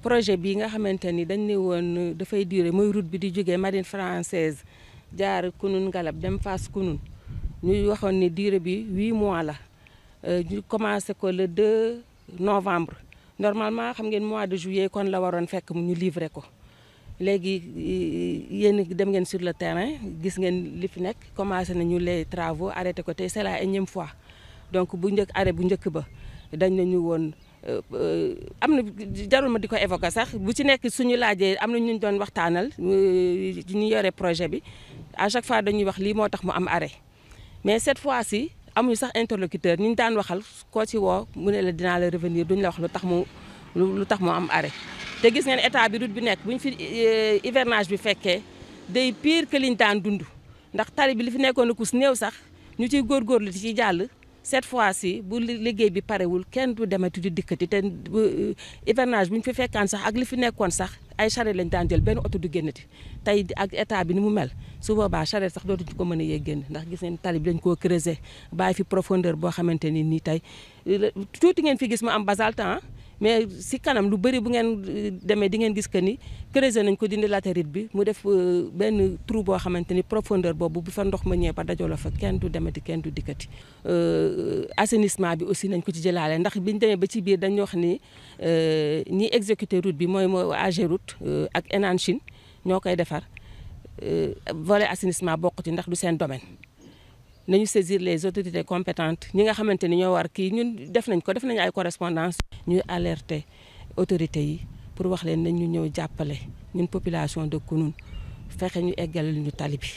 projet bi nga xamante ni dañ ni woon dafay diire mooy route bi di jógee marine française jaar kunun ngalab dem Fass kunun ñuy waxoon ni durée bi huit mois la euh, ñu commencé ko le 2 novembre normalement xam ngeen mois de juillet kon la waroon fekk mu ñu livrer ko léegi euh, yéen dem ngeen sur le terrain gis ngeen li fi nekk commencé nañu les travaux arrêté ko tey c'est la énième fois donc bu njëkk arrêt bu njëkk ba dañ nañu woon Euh, euh, am na jarul ma di ko évoquer sax bu ci nekk suñu laajee am na ñu doon waxtaanal euh, ñu yore projet bi à chaque fois dañuy wax lii moo tax mu am arrêt mais cette fois-ci amuñu sax interlocuteur ñu daan waxal koo ci woo mu ne la dinaa la revenir duñ la wax lu tax mu lu tax mu am arrêt te gis ne état bi route bi nekk buñ fi hivernage bi fekkee day piir que liñ daan dund ndax tali bi li fi nekkoon a kus néew sax ñu ciy góorgóorlu di ci jàll cette fois si bu liggéey bi parewul kenn du demati di dikkati te euh, hivernage bu ñu fi fekkaan sax ak li fi nekkoon sax ay charrette lañ daan jël benn oto du te tey ak état bi ni mu mel su boobaa charrette sax dootuñu ko mën a yee génn ndax gis ngeen tali bi dañ koo creuser bàyyi fi profondeur boo xamante ni nii tey euh, tuuti ngeen fi gis mu am basalte ah. mais si kanam lu bëri bu ngeen euh, demee di ngeen gis que ni creuser nañ ko dindi latérite bi mu def euh, benn trou boo xamante ni profondeur boobu bu fa ndox ma ñëwee ba dajaloo fa kenn du demati kenn du dikkati. Euh, assainissement bi aussi nañ ko ci jëlaale ndax biñ demee ba ci biir dañ wax ni ñi exécuter route bi mooy mooy AGEROUTE ak Enanchin ñoo koy defar volet assainissement bokk ci ndax du seen domaine. nañu saisir les autorités compétentes ñi nga xamante ni ñoo war kii ñun def nañ ko def nañu ay correspondance ñuy alerter autorités yi pour wax leen nañ ñu ñëw jàppale ñun population de Kounoune fexe ñu eggal ñu tali bi